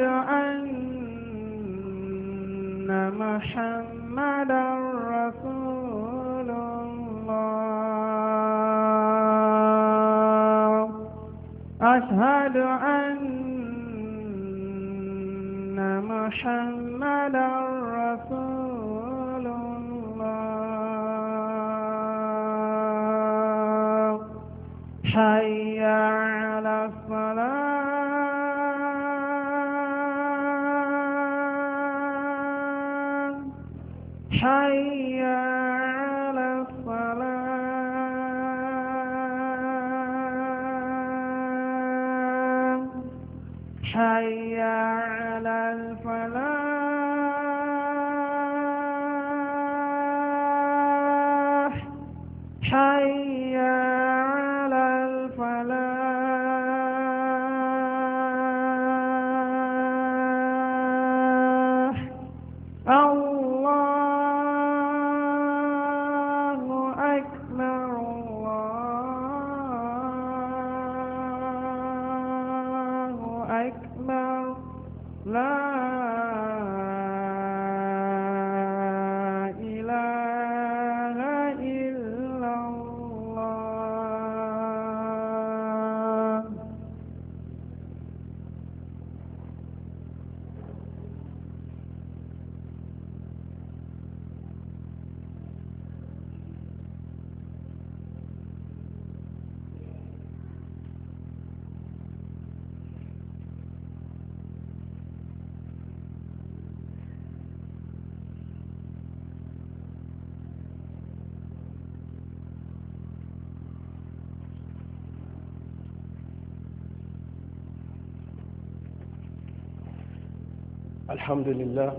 قد الحمد لله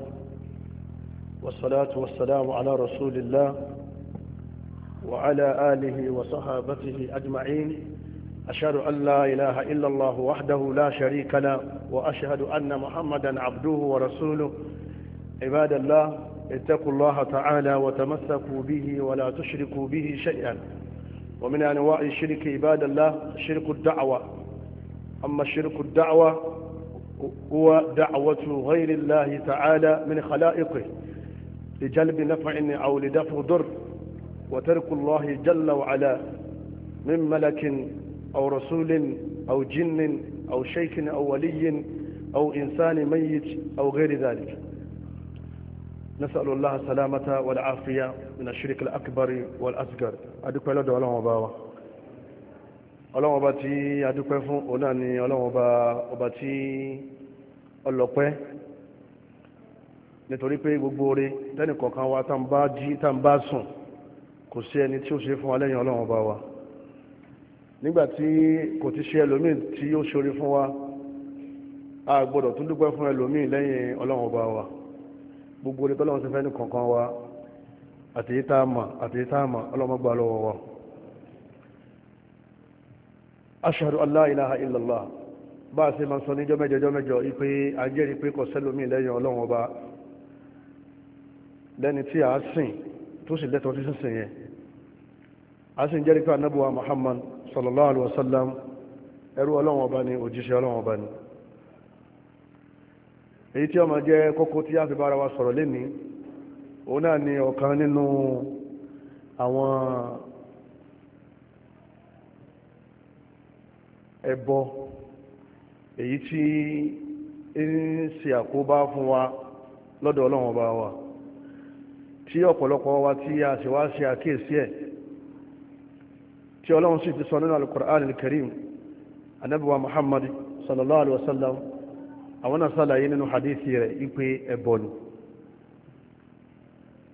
والصلاة والسلام على رسول الله وعلى آله وصحابته أجمعين أشهد أن لا إله إلا الله وحده لا شريك له وأشهد أن محمدا عبده ورسوله عباد الله اتقوا الله تعالى وتمسكوا به ولا تشركوا به شيئا ومن أنواع الشرك عباد الله شرك الدعوة أما شرك الدعوة هو دعوة غير الله تعالى من خلائقه لجلب نفع أو لدفع ضر وترك الله جل وعلا من ملك أو رسول أو جن أو شيخ أو ولي أو إنسان ميت أو غير ذلك نسأل الله السلامة والعافية من الشرك الأكبر والأصغر أدوك الله دعوة ọlọ́run ọba tí adúpẹ́ fún òun náà ni ọlọ́run ọba ọba tí ọlọ́pẹ́ nítorí pé gbogbo oore tẹ́nì kọ̀ọ̀kan wa tá n bá jí tá n bá sùn kò sí ẹni tí ó ṣe fún wa lẹ́yìn ọlọ́run ọba wa nígbà tí kò ti ṣe ẹlòmíì tí ó ṣorí fún wa a gbọ́dọ̀ tún dúpẹ́ fún ẹlòmíì lẹ́yìn ọlọ́run ọba wa gbogbo oore tọ́lọ́run ti fẹ́ ní kọ̀ọ̀kan wa àtẹ̀yẹ́tà àmà àtẹ̀yẹ́tà àmà ọlọ́run ọba lọ́wọ́ wa ashhadu an la ilaha illallah bá a ṣe máa sọ níjọ́ mẹ́jọ jọ́ mẹ́jọ ipe ajẹ́rìí pé kò sẹ́lómi lẹ́yìn ọlọ́run ọba lẹ́ni tí a sìn tó sì lẹ́tọ̀ọ́ tí sínsìn yẹn a sì ń jẹ́rìí pé anábùwà muhammad sallallahu alaihi wasallam ẹrú ọlọ́run ọba ni òjíṣẹ́ ọlọ́run ọba ni èyí tí ọmọ àwọn ẹbọ èyí tí ń ṣe àkóbá fún wa lọ́dọ̀ ọlọ́run ọba wa tí ọ̀pọ̀lọpọ̀ wa tí a sì wá ṣe àkíyèsí ẹ̀ tí ọlọ́run sì ti sọ nínú alukur'an alkarim anabiwa muhammad sallallahu alaihi wasallam àwọn náà sàlàyé nínú hadithi rẹ̀ ipe ẹbọ ni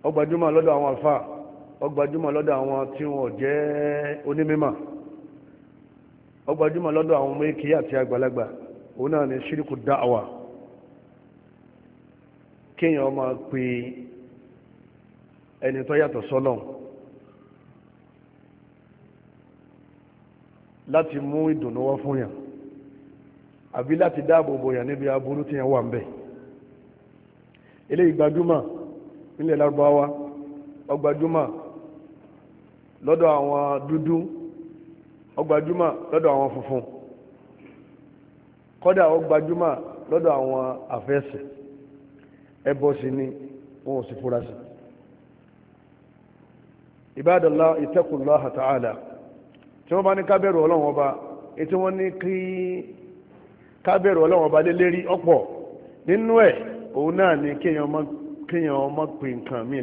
ó gbajúmọ̀ lọ́dọ̀ àwọn alfa ó gbajúmọ̀ lọ́dọ̀ àwọn tí wọ́n jẹ́ onímímọ̀ ọgbàjúmọ̀ lọ́dọ̀ àwọn ọmọ èkì àti àgbàlagbà òun náà ni ṣíríkù dáàwà kéèyàn máa pe ẹni tó yàtọ̀ sọ́lọ́n láti mú ìdùnnú wá fún yàn àbí láti dáàbò bò níbi aburú tí yàn wà ń bẹ eléyìí gbajúmọ̀ nílẹ̀ lárúbáwá ọgbàjúmọ̀ lọ́dọ̀ àwọn dúdú ọgbàjúmà lọ́dọ̀ àwọn funfun kọ́dà ọgbàjúmà lọ́dọ̀ àwọn àfẹ́sẹ̀ ẹbọ ni wọn si sì fura sí ìbádọ́lá tí wọ́n bá ní kábẹ̀rù ọba ètí wọ́n ní kí kábẹ̀rù ọlọ́run ọba ọ̀pọ̀ nínú ẹ̀ òun náà ni ọmọ nǹkan mí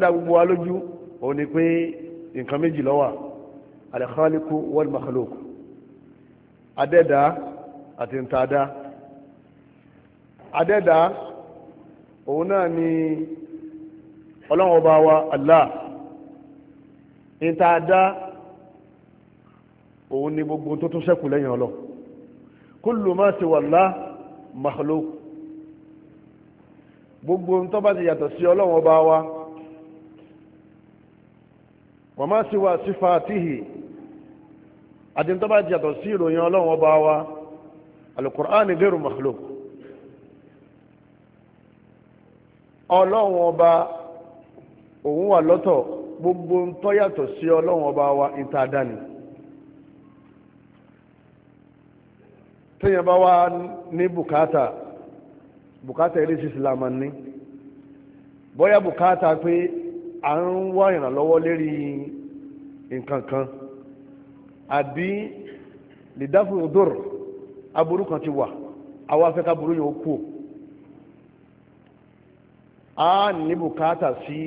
gbogbo wa lójú ni pé nǹkan méjì ló wà al-khaliqu wal-makhluq adẹ́dá àti ntàdá adẹ́dá òun náà ni ọlọ́run ọba wa Allah ntàdá òun ni gbogbo tó tún sẹ́kù lẹ́yìn ọlọ́ kullu ma siwa Allah makhluq gbogbo ntọ́ bá ti yàtọ̀ sí ọlọ́run ọba wa wa ma siwa sifatihi àti tó bá jàtọ̀ sí ìròyìn ọlọ́run ọba wa alukur'ani gairu makhluk ọlọ́run ọba òun wà lọ́tọ̀ gbogbo ń tó yàtọ̀ sí ọlọ́run ọba wa ìta dání téèyàn ní bùkátà bùkátà eré sísè ní bóyá bùkátà pé à ń wá ìrànlọ́wọ́ lérí nǹkan kan àbí lè dáfún odòr aburú kan ti wà àwa fẹ́ ká burú yẹn ó kú a ní bùkátà sí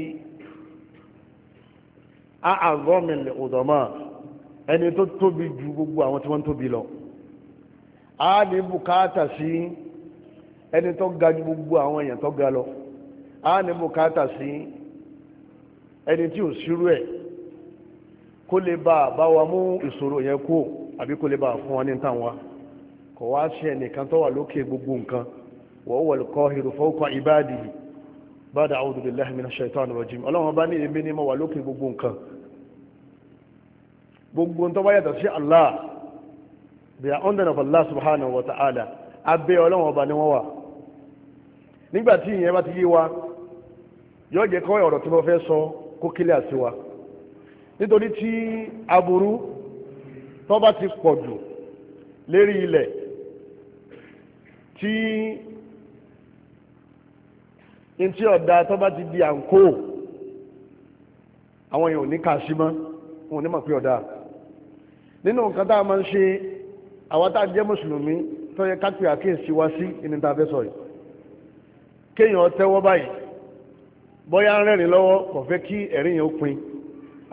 a àgọ́mìnlẹ̀ òdòmọ́ ẹni tó tóbi ju gbogbo àwọn tí wọ́n tóbi lọ a ní bùkátà sí ẹni tó ga ju gbogbo àwọn èèyàn tó ga lọ a ní bùkátà sí ẹni tí ò sírú ẹ̀ kó lè bá bá wa mú ìṣòro yẹn kó àbí kó lè bá fún wa ní tàwa kò wá ẹnìkan tó wà lókè gbogbo nǹkan wa huwa al-qahiru fawqa ibadihi ba'da a'udhu billahi ọlọ́run bá ní èmi wà lókè gbogbo nǹkan gbogbo tó bá yàtọ̀ sí Allah bí i under of Allah subhanahu wa ta'ala abẹ́ ọlọ́run ọba ni wọ́n wà nígbàtí ìyẹn bá ti yé wa jẹ́ kọ́ ọ̀rọ̀ tí mo fẹ́ sọ kó kílẹ̀ àti wa nítorí tí aburú tó bá ti pọ̀ jù lérí ilẹ̀ tí ntí ọ̀dà tó bá ti di àǹkó àwọn èèyàn ò ní kà sí mọ́ wọn ò ní mọ̀ pé ọ̀dà nínú nǹkan tá a máa ń ṣe àwọn tá a jẹ́ mùsùlùmí tó yẹ ká pè àkíyèsí wá sí ìní fẹ́ sọ kéèyàn tẹ́wọ́ báyìí bóyá ń rẹ́rìn lọ́wọ́ kò fẹ́ kí ẹ̀rín yẹn ó pin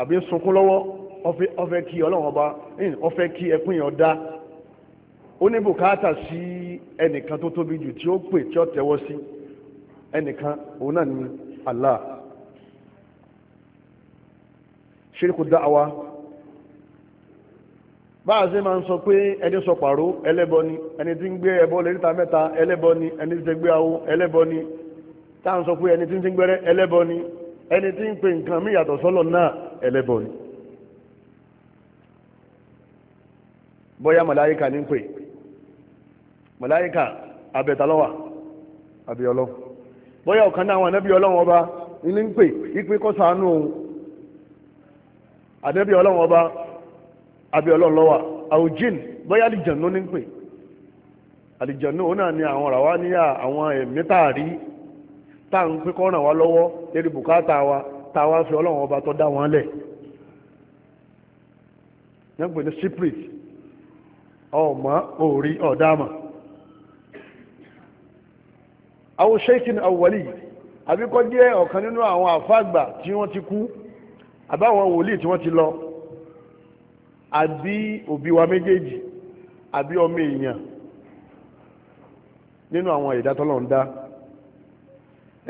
àbí ń sunkún lọ́wọ́ ó fẹ́ kí ọlọ́run ọba ó fẹ́ kí ẹkún yẹn ó dá ó ní bùkátà sí ẹnìkan tó tóbi jù tí ó pè tí ó tẹ́wọ́ sí ẹnìkan òun náà ni Allah ṣíríkù dáàwá báà sí máa ń sọ pé ẹni sọ pàró ẹlẹ́bọ ni ẹni tí ń gbé ẹbọ léríta mẹ́ta ẹlẹ́bọ ni ẹni tí ń gbé awo ẹlẹ́bọ ni táà ń sọ pé ẹni tí ń ti gbẹ́rẹ́ ẹlẹ́bọ ni ẹni tí ń pe nǹkan mí yàtọ̀ sọ́lọ̀ náà ẹlẹ́bọ ni bóyá màláyíkà ní ń pè màláyíkà abẹ́talọ́wà abíọ́lọ́ bóyá ọ̀kan náà àwọn anábì ọlọ́run ọba ní ń pè ipe kó ṣàánú òun anábì ọlọ́run ọba abíọ́lọ́ lọ́wà àwùjín bóyá àlìjànú ní ń pè àlìjànú òun náà ni àwọn ràwá níyà àwọn ẹ̀mí táàrí tá à ń pé kọ́ ràn wá lọ́wọ́ lérí bùkátà wa tá a wá fi ọlọ́run ọba tó dá wọn lẹ̀ yẹn pè ní secret ọmọ òòrí ọ̀dàmà àwọn sheikhin awwali àbíkọ́ jẹ́ ọ̀kan nínú àwọn àfáàgbà tí wọ́n ti kú àbáwọn wòlíì tí wọ́n ti lọ àbí òbí wa méjèèjì àbí ọmọ èèyàn nínú àwọn ìdátọ́lọ̀ ń dá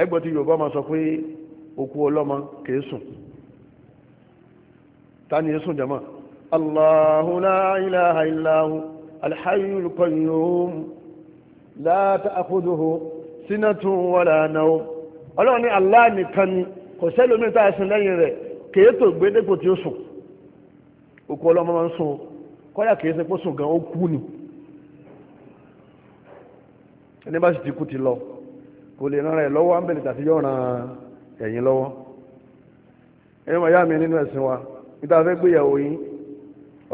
ẹgbẹ́ tí yorùbá ma sọ pé òkú ọlọ́mọ kìí sùn ta ni sùn jama Allahu la ilaha illa hu alhayyul qayyum la ta'khudhuhu sinatun wala nawm ọlọ́run ní Allah nìkan ni kò sẹ́lómi tá a sin lẹ́yìn rẹ̀ kìí tó gbédégbò tí ó sùn òkú ọlọ́mọ ma ń sùn kọ́yà kìí gan ó kú ni ẹni bá sì ti ti lọ kò lè ràn ẹ̀ lọ́wọ́ ámbẹ̀lẹ̀ tàbí yọ̀ ràn ẹ̀yìn lọ́wọ́ ẹ̀yìn màá yá mi nínú ẹ̀sìn wa níta fẹ́ gbéyàwó yín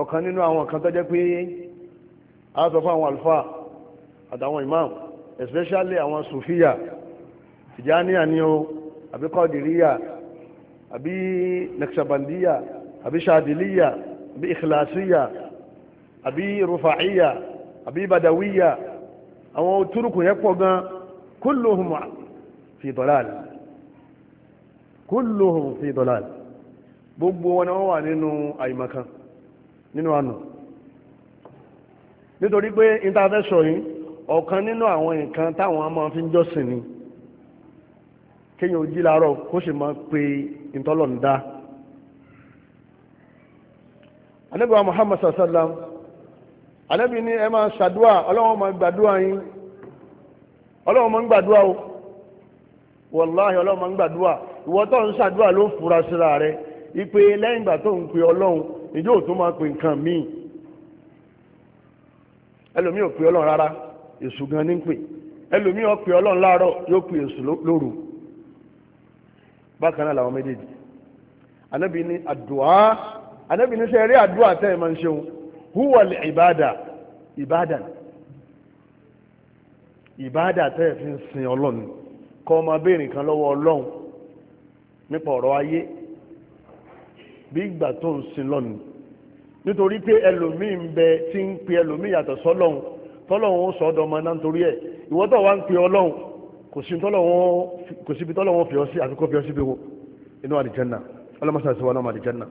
ọ̀kan nínú àwọn kan tó jẹ́ pé a sọ fún àwọn àlùfáà àtàwọn imam especially àwọn sufiya tìjáníyà ni o àbí kọ́dìríyà àbí nàkṣàbàndíyà àbí ṣàdìlíyà àbí ìkìlàsíyà àbí rufa'íyà àbí badawiya àwọn turuku yẹn pọ̀ gan-an كلهم في ضلال كلهم في ضلال gbogbo wọn ni wọ́n wà nínú àìmọ̀kan nítorí pé ìtafẹ́sọ̀ yìí ọ̀kan nínú àwọn nǹkan táwọn fi ń jọ́sìn ni kéyàn ojí láàárọ̀ kó sì máa pe ìtọ́lọ̀ǹda anábìwá Muhammad sallallahu anábì anabi ẹ máa ṣàdúà ọlọ́wọ́n máa gbàdúà yín ọlọ́run máa ń gbàdúrà o wàláhì ọlọ́run máa ń gbàdúrà ìwọ tó ń ṣàdúrà ló fura síra rẹ ìpè lẹ́yìn ìgbà tó ń pe ọlọ́run ìjọ òtún máa pe nǹkan míì ẹlòmíì ò ọlọ́run rárá èṣù gan ní pè ẹlòmíì ò pe ọlọ́run láàárọ̀ yóò pe èṣù lóru bákan náà làwọn méjèèjì anábì ní àdùá anábì ní sẹ́ẹ̀rí tẹ́ ẹ̀ máa ń ṣeun húwọ̀lì ìbáàdà tẹ́ẹ̀ fi ń sin ọlọ́run kọ́ ọmọ béèrè kan lọ́wọ́ ọlọ́run nípa ọ̀rọ̀ ayé bí ìgbà tó ń sin lọ́nu nítorí pé ẹlòmíì ń bẹ tí ń pe ẹlòmíì yàtọ̀ sọ́lọ́run tọ́lọ́run ó sọ ọ́dọ̀ ọmọ náà nítorí ẹ̀ ìwọ́ tó wá ń pe ọlọ́run kò síbi tọ́lọ́run fi ọ́ sí àfikún fi ọ́ síbi wo inú àlìjẹ́nà ọlọ́mọsàsì wa náà àlìjẹ́nà.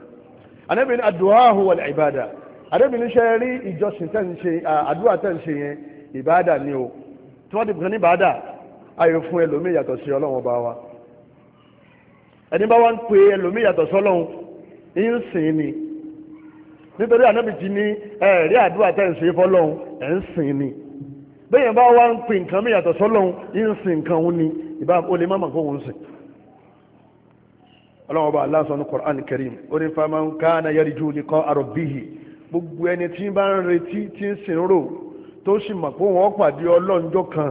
anábìnrin àdúrà wal ìbàdà anábìnrin ṣe rí ìjọsìn tẹ́ ń ṣe àdúrà tẹ́ ń ṣe yẹn ìbàdà ni o tí wọ́n ti bùkún ní bàdà ayò fún ẹlòmíì yàtọ̀ sí ọlọ́run ọba wa ẹni bá wá ń pe ẹlòmíì yàtọ̀ sí ọlọ́run ń sìn ni nítorí ànábì ti ní ẹ̀rí àdúrà tẹ̀ ń ṣe fọlọ́run ẹ̀ ń sìn ni bẹ́ẹ̀ bá wá ń pe nǹkan mi yàtọ̀ sí ọlọ́run ń sìn nǹkan òun ni ìbá olè má màkó òun sìn ọlọ́run ọba Allah sọ ní Qur'an Karim ó ní faman kana yarju liqa rabbihi gbogbo ẹni tí bá ń retí tí ń sìn rò tó sì mọ̀ pé wọ́n pàdé ọlọ́njọ́ kan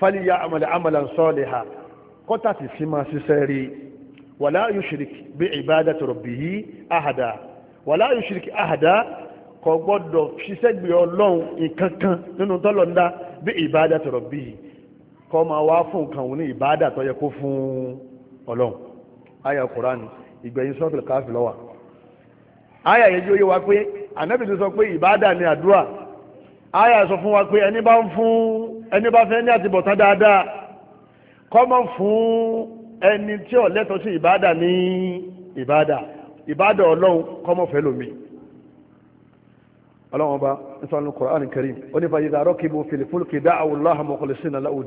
fàlíyà àmàlẹ̀ àmàlẹ̀ sọ́ọ̀lẹ̀ ha kọ́tà sì sí máa ṣiṣẹ́ rí wàlá yushrik bí ìbádà tọrọ bì í àhàdà wàlá yushrik àhàdà kò gbọ́dọ̀ ṣiṣẹ́ gbé ọlọ́run nǹkan kan nínú tọ́lọ̀ ńlá bí ìbádà tọrọ bì í kọ́ máa wá fún nǹkan òun ní ìbádà tó yẹ kó fún ọlọ́run àyà kùránì ìgbẹ̀yìn sọ́ọ̀tì káfí lọ́wà àyà yẹn yóò yé wa pé ànábì sọ pé ìbádà ni àdúrà àyà sọ fún wa pé ẹni bá ń fún ẹni bá fẹ́ ní àtibọ̀tán dáadáa fún ẹni tí ò lẹ́tọ̀ọ́ sí ìbáàdà ní ìbáàdà ìbáàdà ọlọ́run kọ́mọ̀ fẹ́ lómi ọlọ́run ọba nítorí Karim ó ní fàyídà rọ́kìbù fìlìfúlùkì dá àwòláhà mọ̀kànlẹ́sìn náà láwùd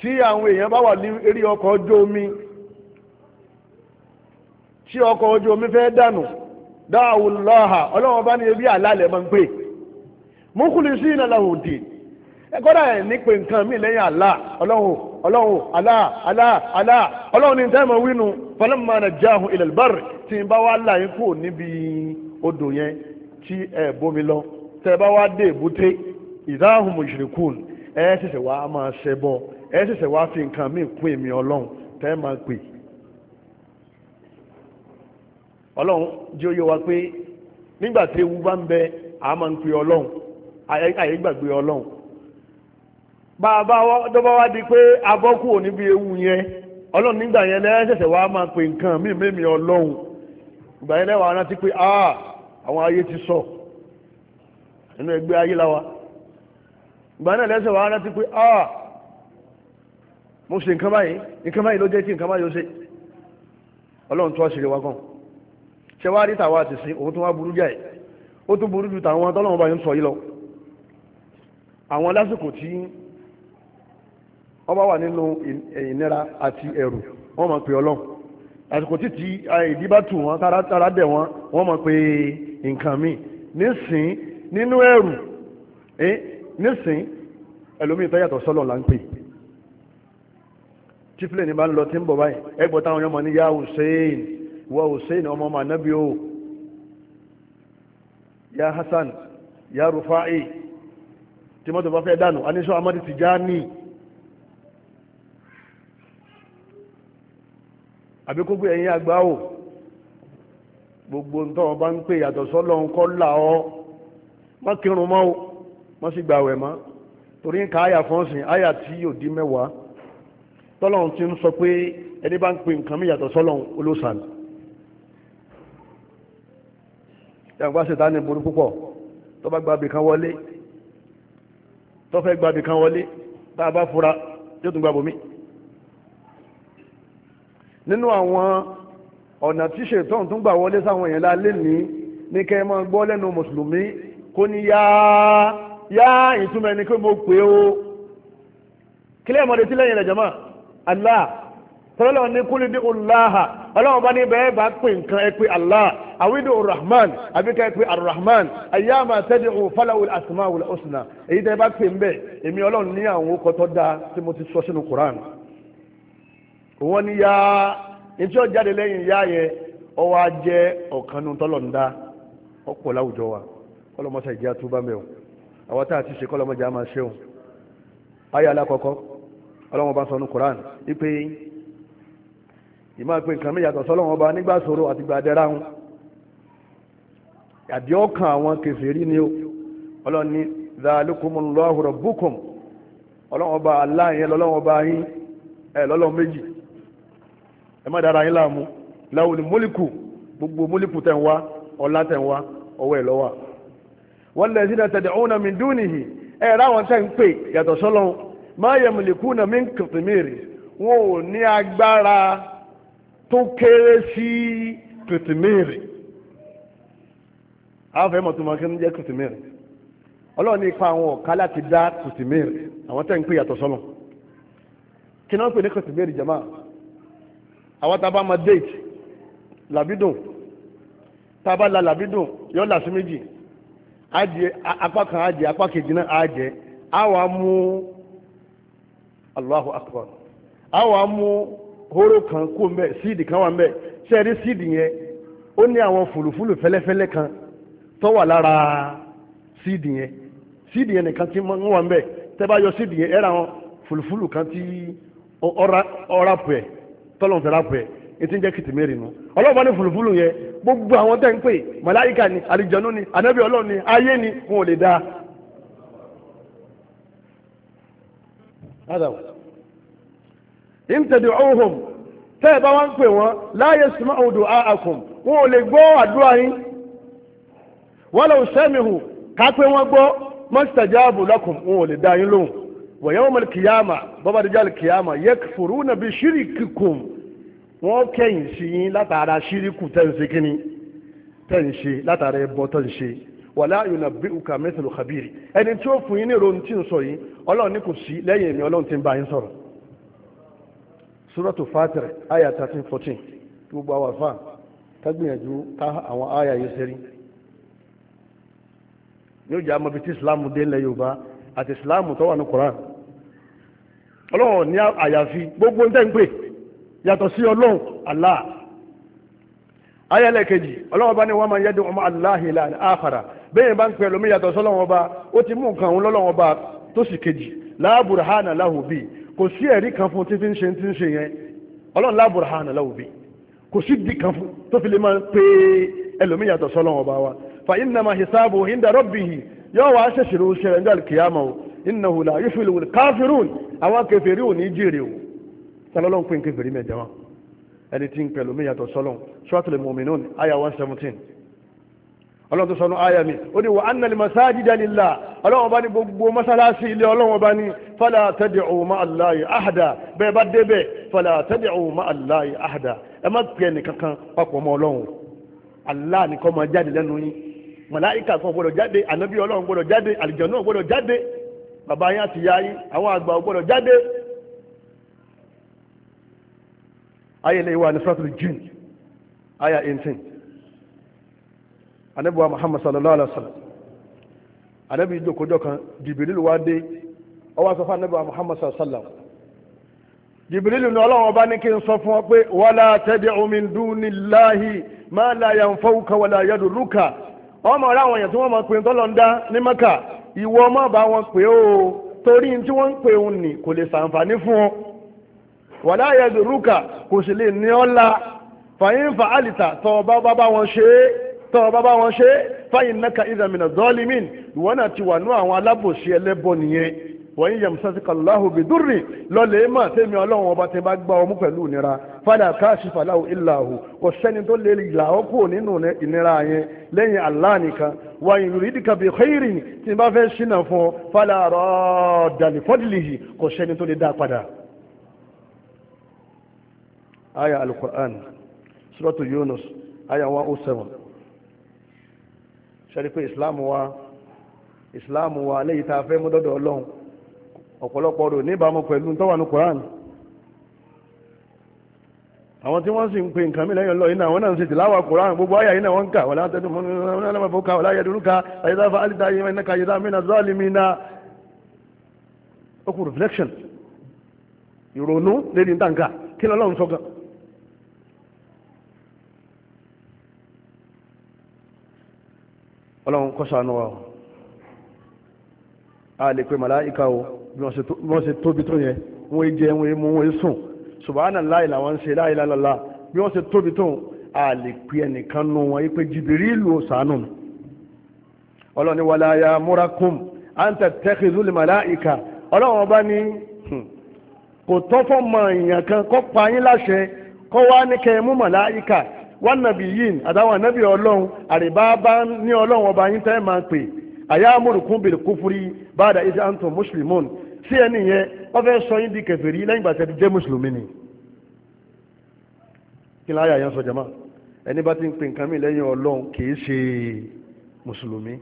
tí àwọn èèyàn bá wà ọkọ̀ omi tí ọkọ̀ omi fẹ́ dànù ọba ní ebi máa ń pè é mukhlisina lahu din ẹgbọ́dọ̀ ẹ̀ ní pé nǹkan mi lẹ́yìn Allah ọlọ́run ọlọ́run Allah Allah Allah ọlọ́run ní tẹ́ẹ̀mọ̀ wínú falamma najjahum ilal barri tí n bá wá láyé kúrò níbi odò yẹn tí ẹ bómi lọ tẹ́ bá wá dé èbúté idahum mushrikun ẹ ṣẹ̀ṣẹ̀ wá máa ṣẹbọ ẹ ṣẹ̀ṣẹ̀ wá fi nǹkan mi kún èmi ọlọ́run tẹ́ máa pè ọlọ́run jẹ́ òye wa pé nígbà tí ewu bá ń bẹ àá máa ń pè ọlọ́run àyè gbàgbé ọlọ́run bàbá dọ́bà wá di pé abọ́kù ò níbi ewu yẹn ọlọ́run nígbà yẹn lẹ́yìn ṣẹ̀ṣẹ̀ wá máa pè nǹkan mí mẹ́mi ọlọ́run ìgbà yẹn lẹ́wọ̀n aná ti pé ah àwọn ayé ti sọ nínú ẹgbẹ́ ayé la wa ìgbà náà lẹ́sẹ̀ wá aná ti pé ah mo ṣe nǹkan báyìí nǹkan báyìí ló jẹ́ tí nǹkan báyìí ó ṣe ọlọ́run tó àṣírí wa kan ṣe wá rí tàwa àti sí òun tó wá burú jáì ó tún burú ju tàwọn tọ́lọ́run bá yín sọ yìí lọ àwọn lásìkò tí wọ́n bá wà nínú ìnira àti ẹ̀rù wọ́n máa pe ọlọ́run àsìkò tí ti ìdí bá tù wọ́n tara dẹ̀ wọ́n wọ́n máa pe nǹkan míì nísìn nínú ẹ̀rù nísìn ẹlòmíì tó yàtọ̀ sọ́lọ̀ là ń pè tífìlẹ̀ ní bá ń lọ tí ń bọ̀ báyìí ẹgbọ́ táwọn ọmọ ní yá Hussein wọ Hussein ọmọ ọmọ anábì yá Hasan yá Rufai tí mọ́tò bá fẹ́ dànù aníṣọ́ amadi Tijani àbí kó gbé ẹ̀yìn àgbà o gbogbo ntọ́ wọn bá ń pè yàtọ̀ sọ́lọ́ ńkọ́ là ọ́ má kírun mọ́ o má sì gbàwẹ̀ mọ́ torí ń ka àyà fọ́nsìn àyà tí yóò di mẹ́wàá tọ́lọ́run ti ń sọ pé ẹni bá ń pè nǹkan mi yàtọ̀ sọ́lọ́ olóṣàn yàgbá ṣètá ní burú púpọ̀ tó gba abìkan wọlé tó fẹ́ gbàbì kan wọlé tá a bá fura yóò tún gbàbòmí nínú àwọn ọ̀nà tí ṣètọ́n tún gbà wọlé sáwọn èèyàn lálé ní ní kẹ́ mọ́ gbọ́ lẹ́nu mùsùlùmí kó ní yá yá ìtumọ̀ ẹni pé mo pè ó kílẹ̀ mọ́dé tí lẹ́yìn rẹ̀ jama Allah tọ́lọ́lọ́ ní kúlídé Allah ọlọ́run bá ní bẹ́ẹ̀ bá pè nǹkan ẹ pé allah awidu rahman abika ẹ pé arrahman ayyama tad'u falahu al-asmaul husna èyí tẹ́ bá pè ń bẹ̀ èmi ọlọ́run ní àwọn okọ̀ tó tí mo ti sọ sínú quran wọ́n ní ya etí ó jáde lẹ́yìn ya yẹn ó wá jẹ́ ọ̀kanú tọ́lọ̀ ń dá ọ̀pọ̀ láwùjọ wa kọ́lọ́mọṣẹ́ ìjẹ́ àtúbà mẹ́wọ̀n àwọn tá a ti ṣe kọ́lọ́mọjà máa ṣeun ayé alákọ̀ọ́kọ́ ọlọ́run bá sọ ní quran ipe ìmọ̀ pé nǹkan mi yàtọ̀ sọ́lọ́wọ́n ọba nígbà ṣòro àti gbàdẹ́ra wọn àdí ọkàn àwọn kèfèrí ni ó ọlọ́run ní zalikumullahu rabbukum ọlọ́run ọba aláàyẹn lọ́lọ́run ọba yín ẹ lọ́lọ́run méjì ẹ má dára yín láàmú láwọn ni múlìkù gbogbo múlìkù tẹ̀ ń wá ọlá tẹ̀ ń wá ọwọ́ ẹ̀ lọ́wọ́ wallazina tad'una min dunihi ẹ ráwọn tẹ́ ń pè yàtọ̀ sọ́lọ́run ma yamlikuna min qitmir wọn ò ní agbára tó kéré sí kìtìmírì àwọn fẹ́ mọ̀tò mọ̀kí ń jẹ́ kìtìmírì ọlọ́run ní ipa àwọn ọ̀ká láti dá kìtìmírì àwọn tẹ́ ń pè yàtọ̀ sọ́nà kí náà ń pè ní kìtìmírì jẹ̀má àwọn tá a bá mọ déètì làbídùn tá a bá la làbídùn yóò là sí méjì ajẹ apá kan ajẹ apá kejì náà ajẹ àwa mú Allahu akbar àwa mú hóró kan kó ń bẹ síìdì kan wà ń bẹ ṣe é rí síìdì yẹn ó ní àwọn fùlùfùlù fẹ́lẹ́fẹ́lẹ́ kan tó wà lára síìdì yẹn síìdì yẹn nìkan tí wọ́n wà ń bẹ tẹ́ bá yọ síìdì yẹn ẹ ra àwọn fùlùfùlù kan tí ọ̀rá pẹ̀ tọ́lọ̀ fẹ́ra pẹ̀ ètí ń jẹ́ kìtìmẹ́rì nu ọlọ́ọ̀bá ní fùlùfùlù yẹn gbogbo àwọn tẹ́ ń pè màláyíkà ni àlìjọ́nú ni ànábì ọlọ́ọ̀ ni ayé ni wọn ò lè dáa ìntẹ̀dùhùn tẹ́ ẹ bá wá ń pè wọ́n láàyè súnmọ́ òdò àkùn wọn ò lè gbọ́ àdúrà yín wọ́n lọ sẹ́mihù kápẹ́ wọn gbọ́ mọ́sítàjáàbù lọ́kùn wọn ò lè dá yín lóhùn wọ̀nyẹ́ wọn kìyàmà bọ́bá dìjà kìyàmà yẹ fòrú nàbí ṣíríkìkùn wọn kẹ́yìn sí yín látara ṣíríkù tẹ́ǹsì kínní tẹ́ǹsì látara ẹbọ tẹ́ǹsì wàlá àyùnà bí ukà mẹ́tẹ̀lú khabiri ẹni tí ó fún yín ní ìròyìn tí ń sọ yìí ọlọ́run ní kò sí lẹ́yìn èmi ọlọ́run ti ń bá yín sọ̀rọ̀ sura fatir aya 1314 gbogbo àwọn àfà tágbìyànjú ta awon aya yìí ni o jẹ́ àmọ́bi tí islam dé ilẹ̀ yorùbá àti islam tó wà ní koran ọlọ́run ní àyàfi gbogbo ń tẹ́ǹpẹ́ yàtọ̀ sí ọlọ́run allah aya bá ní wọ́n máa yẹ́dùn ọmọ allah ilà àfàrà bẹ́ẹ̀ bá ń pẹ̀lú mi yàtọ̀ sọ́lọ́run ọba ó ti mú nǹkan òun ọba tó sì kejì kò sí ẹ̀rí kan fún títí ń ṣe tí ń ṣe yẹn ọlọ́run láàbùrà hàn lọ́wọ́ bí kò sí di kan fún tó fi lè máa pé ẹlòmíì yàtọ̀ sọ́lọ́run ọba wa fa innama hisabu inda rabbihi yóò wá ṣèṣirò ṣẹlẹ̀ ní alikiyama o innahu la yuflihu al-kafirun àwọn kèfèrí ò ní jèrè o sálọ́lọ́run pín kèfèrí mẹ́jọ wọn ẹni tí ń pẹ̀lú mi yàtọ̀ sọ́lọ́run Suratul Mu'minun aya one seventeen ọlọ́run tó sọnù àyà mi ó ní wa anna al-masajida lillah ọlọ́run ọba ní gbogbo mọ́sálásí ilé ọlọ́run ọba ní fala tad'u ma'a Allahi ahada bẹ́ẹ̀ bá débẹ̀ fala tad'u ma'a Allahi ahada ẹ má pè ẹnì kankan papọ̀ mọ́ ọlọ́run Allah nìkan máa jáde lẹ́nu yín màláìkà kan gbọ́dọ̀ jáde ànábì ọlọ́run gbọ́dọ̀ jáde àlùjànnú náà anabiwa muhammad sallallahu alaihi wasallam anabi jokojọ kan jibril wa dé ó wá sọ fún anabiwa muhammad sallallahu alaihi wasallam jibril ní ọlọ́run ọba ní kí n sọ fún ọ pé wala tad'u min dunillahi ma la yanfauka wala yadurruka ọmọ rẹ àwọn èèyàn tí wọ́n máa pè ń ń dá ní maka ìwọ ọmọ bá wọn pè ó torí tí wọ́n ń pè òun nì kò lè sàǹfààní fún ọ tọ́ bàbá wọn ṣe fáyín náka ìdàmìnà zọ́ọ́límìn ìwọ náà ti wà ní àwọn alábòsí ẹlẹ́bọ nìyẹn wọ́n yíyàm sásìkà láhù bí dúrì lọ́lẹ̀ mà tẹ́mi ọlọ́run ọba tẹ́ bá gbá ọmú pẹ̀lú ìnira fàdà káàṣì fàdáwò ìlàhù kò sẹ́ni tó lè là ó kúrò nínú ìnira yẹn lẹ́yìn Allah nìkan wà yuridika bí khairin tí bá fẹ́ ṣínà fún ọ fàdà radda li fadlihi kò sẹ́ni tó lè dá padà. aya al suratu Yunus aya 107 ṣẹ́rí pé ìsìláàmù wa ìsìláàmù wa lẹ́yìn tá a fẹ́ mú dọ́dọ̀ ọlọ́run ọ̀pọ̀lọpọ̀ rò níbàámu pẹ̀lú tó wà ní Quran àwọn tí wọ́n sì ń pe nǹkan mi lẹ́yìn ọlọ́run náà wọ́n náà ń ṣe tìláwà Quran gbogbo àyà yìí náà wọ́n ń kà wọ́n látẹ́nu mọ́ ní ọlọ́mọ fún ká wọ́n láyé dúró ká àyíká fa reflection ìrònú lédi ń tàǹkà kí lọ́lọ́run sọ ọlọ́run kó ṣàánú wa a lè pe màláìka o bí wọ́n ṣe tóbi tó yẹn wọ́n jẹ wọ́n mú wọ́n sùn subhanallahi làwọn ń ṣe la ilaha illallah bí wọ́n ṣe tóbi tó a lè pe ẹnìkan nù wọ́n yìí pé Jibrilu ṣàánú mi ọlọ́run ni wala ya'murakum an tattakhidhul màláìka ọlọ́run ọba ní hmm, kò tọ́ fọ́ mọ̀ èèyàn kan kọ́ pa yín láṣẹ kọ́ wá ní kẹ́ mú màláìka wọn nàbì yìí àtàwọn nàbì ọlọ́run àrèbá bá ní ọlọ́run ọba yín tẹ́ máa pè àyà amúrùkún bèrè kúfúrí báàdà ìdí àǹtọ̀ mùsùlùmọ́n sí ẹni yẹn wọ́n fẹ́ sọ yín di kèfèrí lẹ́yìn ìgbà tẹ́tí jẹ́ mùsùlùmí ni. kí láyà yẹn sọ jama ẹni bá ti ń pè nǹkan mi lẹ́yìn ọlọ́run kì í ṣe mùsùlùmí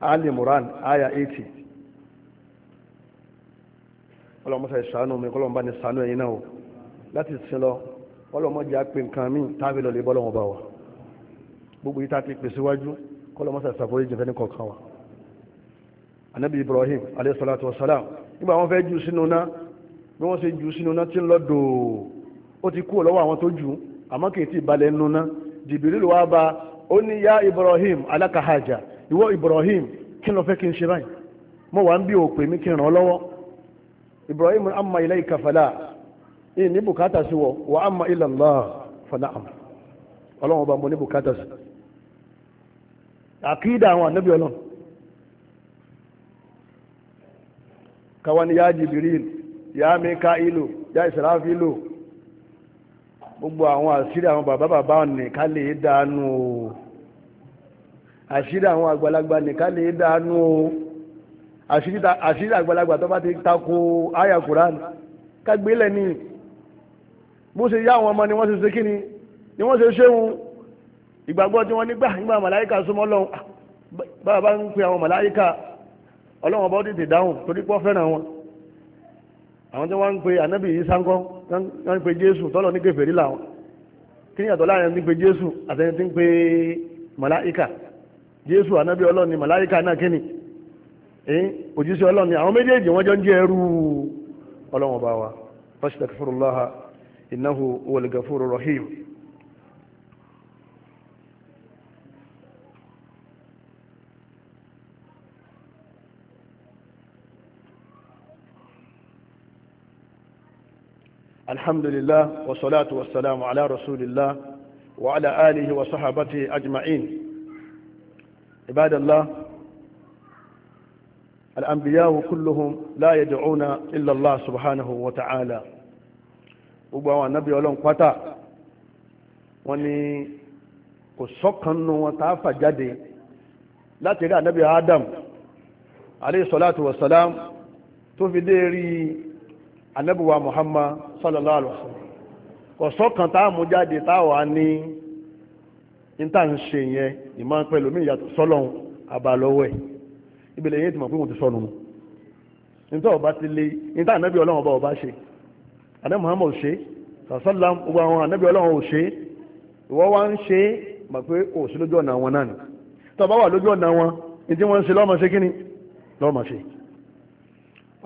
ali moran aya 80 ọlọ́run mọ́sá ìṣàánú mi kọ́lọ́run bá ní ṣàánú ẹ̀yin náà o láti sin lọ kọlọmọdé á pè nǹkan míì tábìlì ọ̀lẹ́ bọ́lọ́wọ́n bá wa gbogbo yìí tá a ti pèsè wájú kọlọmọsà sàfòrí jìnfẹ́ ní kọ̀ọ̀kan wa anabi ibrahim aleyhisalatu wasalam nígbà wọn fẹ́ jù sínú ná bí wọ́n ṣe jù sínú ná tí ń lọ́dọ̀ ó ti kú lọ́wọ́ àwọn tó jù àmọ́ kì í ti balẹ̀ nínú ná jìbìrìlù wa ba ó ní yá ibrahim alákàhájà ìwọ ibrahim kí ló fẹ́ kí n ṣe báyìí mo wà ń bí òpè mi kí ràn ọ́ lọ́wọ́ ibrahim amma ilayka fala ní bùkátà sí wọ wà á ma ilà Allah fana'am ọlọ́run ọba mo ní bùkátà sí àkídà àwọn ànábì ọlọ́run káwa ni yá Jibril yá Mikailu yá Israfilu gbogbo àwọn àṣírí àwọn bàbá bàbá nìkan lè dànù o àṣírí àwọn àgbàlagbà nìkan lè dànù o àṣírí àgbàlagbà tó bá ti takò àyà Kùránì ni. bó ṣe yá àwọn ọmọ ni wọ́n ṣe ṣe kí ni ni wọ́n ṣe ṣéhun ìgbàgbọ́ tí wọ́n nígbà nígbà màláíkà súnmọ́ lọ́hùn ah, báwa bá ń pe àwọn ọba tètè dáhùn torí pọ́ fẹ́ràn wọn àwọn tí wọ́n ń pe ànábì yìí sáńkọ́ wọ́n ń pe jésù tọ́lọ̀ ní kèfèrí làwọn kí ni yàtọ̀ láàrin ti ń pe jésù àtẹni ti ń pe jésù ànábì ni náà kí ni òjíṣẹ́ ọlọ́run àwọn méjèèjì wọ́n ọba wa إنه هو الغفور الرحيم الحمد لله والصلاة والسلام على رسول الله وعلى آله وصحبه أجمعين عباد الله الأنبياء كلهم لا يدعون إلا الله سبحانه وتعالى gbogbo àwọn ànábì ọlọ́run pátá wọ́n ní kò sọ́kan nù wọn tá a fà jáde láti rí ànábì Adam alayhi salatu wa salam tó fi dé rí ànábì wa Muhammad sallallahu alaihi wasallam sallam kò sọ́kan tá a mú jáde tá a wà ní níta ń ṣe yẹn ìmọ̀ pẹ̀lú mi ìyàtọ̀ sọ́lọ́hún abalọ́wọ́ ẹ̀ ibìlẹ̀ yẹn ti mọ̀ pé wọ́n ti sọnù níta ọba ti lé níta ànábì ọlọ́run ọba ọba ṣe ànábì muhammad ò ṣe sàṣàlám gbogbo àwọn ànábì ọlọ́run ò ṣe ìwọ wá ń ṣe mọ̀ pé ò sí lójú ọ̀nà wọn náà ni tó bá wà lójú ọ̀nà wọn ní tí wọ́n ń ṣe lọ́mọ ṣe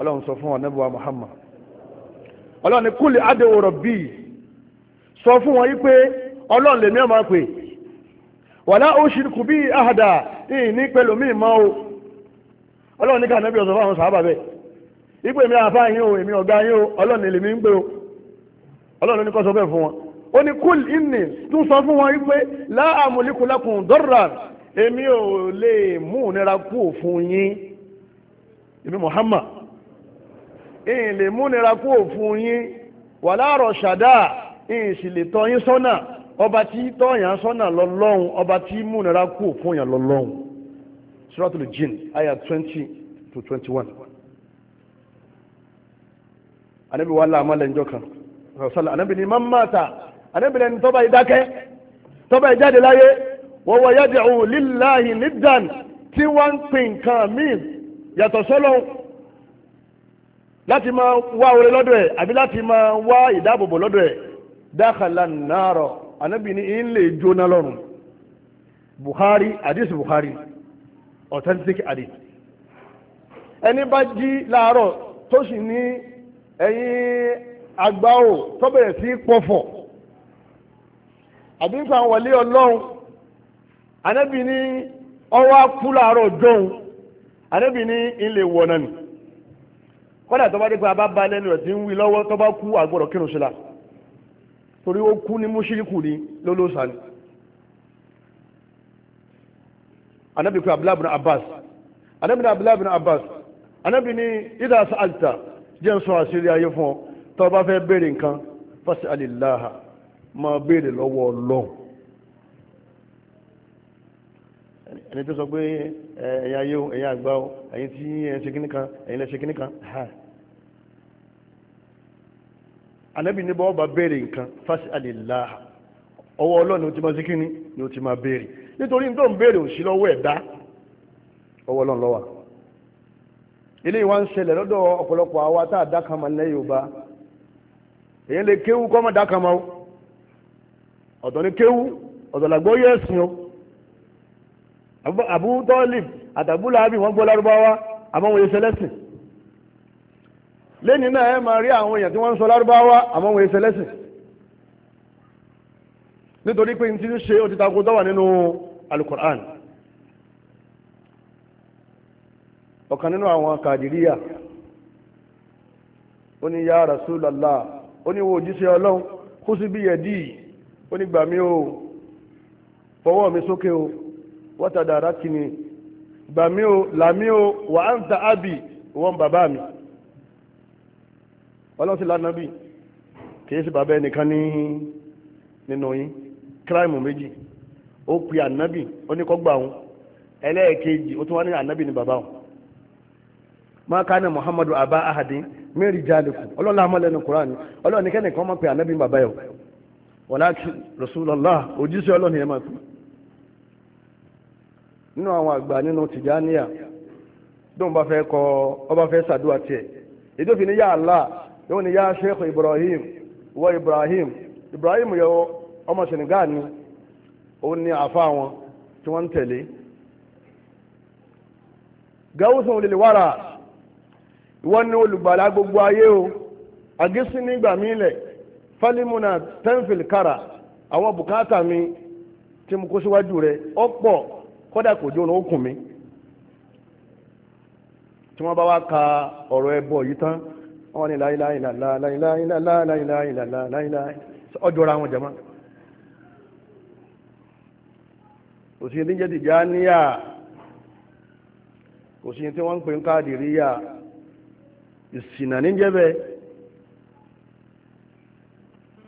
lọ́mọ fún wa muhammad ọlọ́run ní kúlì adéwò rọ̀bì sọ fún wọn yí pé ọlọ́run lèmi ó kù àhàdà ìní pẹ̀lú o ọlọ́run ní ipò èmi àfa yín o èmi ọ̀gá yín o ọlọ́run lèmi ń gbé o ọlọ́run ní kó sọ bẹ́ẹ̀ fún wọn ó ní kúl ìní tún sọ fún wọn wípé láàmúlíkù dọ́rà èmi ò lè mú ìnira kú òfun yín èmi Muhammad ìyìn lè mú ìnira kú òfun yín wà láàrọ̀ ṣàdá ìyìn sì lè tọ́ yín sọ́nà ọba tí tọ́yàn sọ́nà lọ́lọ́hun ọba tí mú ìnira kú òfun yàn lọ́lọ́hun Suratul Jinn aya twenty to twenty one anabi wàhálà àmàlẹ̀ njọ kan rọ̀sálà anabi ni mamata anabi lẹni tọ́ba ìdákẹ́ tọ́ba ìjáde láyé wọ́n wọ yáde òun líláhi nídàn tí wọ́n ń pè nǹkan míì yàtọ̀ sọ́lọ́ láti máa wá oore lọ́dọ̀ ẹ̀ àbí láti máa wá ìdáàbòbò lọ́dọ̀ ẹ̀ dákàlà nàárọ̀ anabi ni ń lè jóná lọ́rùn Bukhari hadith Bukhari authentic hadith ẹni bá jí láàárọ̀ tó sì ní ẹ̀yin àgbáwò tó bẹ̀rẹ̀ sí pọ̀fọ̀ àbí nípa àwọn wọlé ọlọ́run anábì ní ọwọ́ kú láàárọ̀ jọ̀hún anábì ní ilé wọ̀nà nì kọ́dà tó bá dé pé a bá ba lẹ́nu rẹ̀ tí ń wí lọ́wọ́ tó bá kú àgbọ̀dọ̀ kírun ṣe la torí ó kú ní mùṣírìkù ní lólóòsàn ni anábì pé abdullahi bin abbas anábì ní abdullahi bin abbas anábì ní idà sa'alta jẹ́ ń sọ àṣírí ayé fún ọ tó bá fẹ́ béèrè nǹkan fásitì alìláha máa béèrè lọ́wọ́ ọlọ́run ẹni tó sọ pé ayé o àgbà o tí ṣe kan ẹ̀yin kan ha anabi ní bọ́ ọba béèrè nǹkan fásitì alìláha ọwọ́ ọlọ́run ni ó ti máa ṣe ni ó ti máa béèrè nítorí nítorí ń béèrè òsì eléyìí wá ń ṣẹlẹ̀ lọ́dọ̀ ọ̀pọ̀lọpọ̀ àwa tá a dákàmà lẹ́ yorùbá èyí lè kéwú kọ́ mọ́ dákàmà o ọ̀dọ̀ ni kéwú ọ̀dọ̀ làgbọ́ yẹ ẹ̀sìn o Abu Talib àtàbúlà àbí wọ́n gbọ́ lárúbáwá àmọ́ wọ́n yẹ sẹlẹ́sìn lẹ́ni náà ẹ máa rí àwọn èèyàn tí wọ́n ń sọ lárúbáwá àmọ́ wọ́n yẹ sẹlẹ́sìn nítorí pé n ti ṣe ó tó wà nínú alukur'an ọ̀kan nínú àwọn kàdìríyà ó ní ya Rasulullah ó ní wo òjíṣẹ́ ọlọ́run kú sí bí yẹ̀dí ó ní gbà mí o fọwọ́ mi sókè o wọ́tàdàrà kìíní gbà mí o là mí o wà á ń ta ábì wọ́n bàbá mi ọlọ́run sì lánàá bì kì í bàbá ẹnìkan ní nínú yín kíráìmù méjì ó pe ànábì ó ní kọ́ gbà òun ẹlẹ́ẹ̀kejì ó tún wá ní ànábì ní bàbá òun ma kana muhammadu aba ahadin min rijalikum ọlọ́run láàmú lẹ́nu quran ọlọ́run nìkẹ́ni kan máa pe anabi bàbá yẹn wàláàkì rasulullah òjíṣẹ́ ọlọ́run yẹn máa pe nínú àwọn àgbà nínú tìjànìyà dóun bá fẹ́ kọ ọba fẹ́ sàdúrà tiẹ̀ èdè òfin ni yà Allah yóò ní yà sheikh ibrahim wọ ibrahim ibrahim yọ ọmọ senegal ni òun ni àfa wọn tí wọ́n ń tẹ̀lé gawusun olè wàrà wọ́n ni olùgbàlà gbogbo ayé o àgẹ́sí nígbà mi lẹ̀ fálímùnà tẹ́ǹfìl kára àwọn bùkátà mi tí mo kó síwájú rẹ̀ ọ̀pọ̀ kọ́dà kò jó òun okùn mi tí wọ́n bá wá ka ọ̀rọ̀ ẹbọ yìí tán wọ́n ní láíláí wọn ìsìnàní jẹ́ bẹ́ẹ̀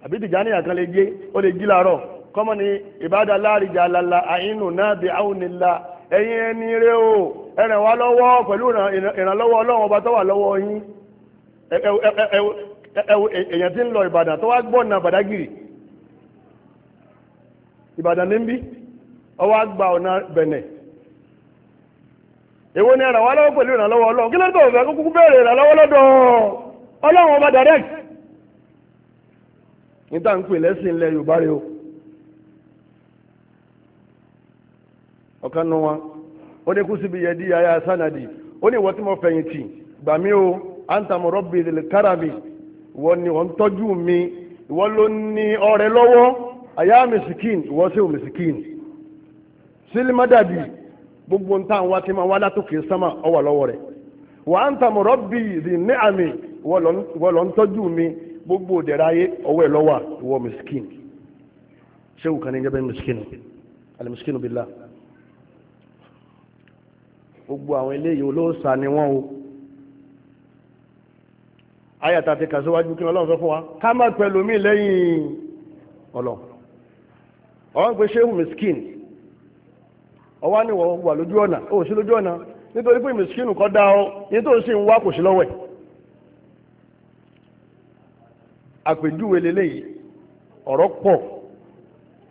àbí tìjàníyà kan lè jí ó lè jí làárọ̀ kọ́mọ ni ìbádà láàrìjà lala àyínú náà bí áwùnilá ẹ̀yin ẹni rẹ o ẹ̀rẹ̀ lọ́wọ́ pẹ̀lú ìrànlọ́wọ́ ọlọ́run ọba tó wà lọ́wọ́ èwo ni a wá lọ́wọ́ pẹ̀lú ìrànlọ́wọ́ ọlọ́run kí ló tó fẹ́ kúkú bẹ̀rẹ̀ ìrànlọ́wọ́ lọ́dọ̀ ọlọ́run ọba direct níta ń pè lẹ́sìn ilẹ̀ yorùbá rẹ o ọ̀kan nu ó ní kú síbi yẹ di aya sanadi ó ní ìwọ tí mo fẹ̀yìn tì o rọ́bì lè ìwọ ni wọ́n ń tọ́jú mi ìwọ ló ní ọrẹ lọ́wọ́ àyà ìwọ gbogbo ntá wa ti máa wá látòkè sánmà ọwà lọ́wọ́ rẹ̀ wà á ń tàmù rọ́bì zi ní àmì wọ́n lọ ń tọ́jú mi gbogbo òdẹ̀rẹ̀ ayé ọwọ́ ẹ̀ lọ́wọ́ ìwọ miskin sẹ́wù kan ní ẹjẹ́ bẹ́ẹ̀ miskin alimiskin bi la gbogbo àwọn eléyìí olóòsà ni wọ́n o ayàtà ti kà síwájú kí ọlọ́run sọ fún wa ká má pẹ̀lú mi lẹ́yìn ọlọ́run ọ̀rọ̀ ń pe ṣéhùn ọwọ́ ni wọ́n wà lójú ọ̀nà ó sí lójú ọ̀nà nítorí pé mìsíkìnù kọ́ da ọ ní tó sì ń wá kò sí lọ́wọ́ ẹ̀ àpèjúwe lélẹ́yìí ọ̀rọ̀ pọ̀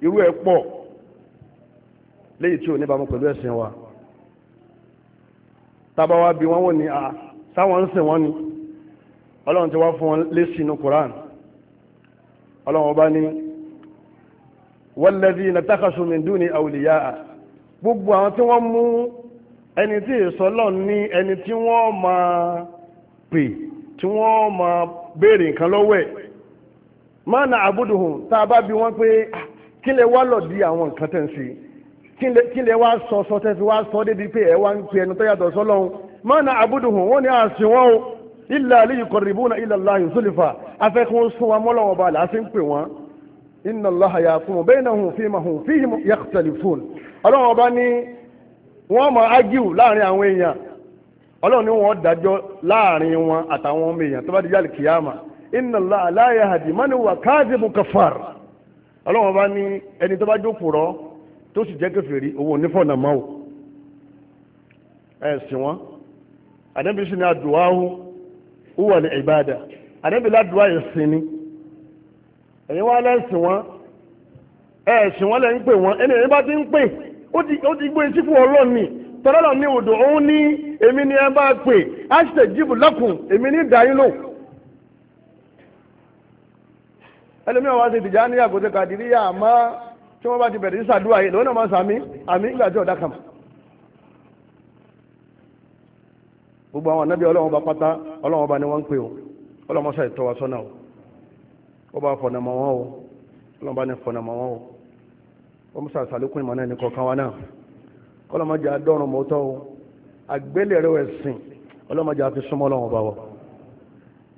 irú ẹ̀ pọ̀ léyìí tí ò ní bámu pẹ̀lú ẹ̀sìn wa tábà wá bí wọ́n wò ní sáwọn ń sìn wọ́n ni ọlọ́run ti wá fún wọn lésì inú Quran ọlọ́run ọba ní walladhina takhasu min duni awliyaa gbogbo àwọn tí wọ́n mú ẹni tí ìsọlọ́ ní ẹni tí wọ́n máa pè tí wọ́n máa béèrè nǹkan lọ́wọ́ ẹ̀ máa na àbúdùhùn tá a bá bi wọ́n pé kí lè wá lọ di àwọn nǹkan tẹ̀ ń ṣe kí lè wá sọ sọ tẹ́ fi wá sọ débi pé ẹ̀ wá ń pe ẹnu tó yàtọ̀ sọ́lọ́hún máa àbúdùhùn wọ́n ní àsìn wọn o ilà aliyu kọrìbùnà ilà láàyè sólìfà afẹ́kùn sún wa mọ́lọ́wọ́ balẹ̀ àti ń pè wọ́n inna Allaha yahkumu baynahum fima hum fihi yakhtalifun ọlọ́run ọba ní wọ́n máa ágíù láàrin àwọn èèyàn ọlọ́run ní wọ́n dájọ́ láàrin wọn àtàwọn ọmọ èèyàn tó bá di yàlì kìyàmà inna Allah la yahdi man huwa kadhibu ọlọ́run ọba ní ẹni tó bá jókòó rọ tó sì jẹ́ kèfèrí owó onífọ̀nà wọ́n ni ẹ̀yin wá lẹ́sìn wọn ẹ̀sìn wọn lẹ́yìn wọn ẹni ẹ̀yin ó ti gbé etí fún ọlọ́run ni tọ́lọ́lọ́ ní odò òun ní èmi ni ẹ bá pè áṣítẹ̀ jíìpù lọ́kùn èmi ní ìdáyín lò. ẹlòmíì àwọn àti ìdìjà ní àgọ́tẹ́ kàdíríyà àmọ́ tí wọ́n bá ti bẹ̀rẹ̀ sísàdúrà yìí lọ́wọ́ náà máa sàmí àmì ìgbà tí ọ̀dà kàn. gbogbo àwọn anábìá ọlọ́wọ́n bá pátá ọlọ́wọ́n bá ní wọ́n ń pè o ọlọ́wọ́n sọ ìtọ́wọ́sọ́nà o ó bá fọ̀nàmọ́ wọ́n mú sàṣàlékún ìmọ̀ náà ní kọ̀ọ̀kan wa náà ọlọ́mọdé adọ́rùn mọ́tọ́ o àgbélẹ̀rọ ẹ̀sìn ọlọ́mọdé àfi súnmọ́ lọ́wọ́ bá wọ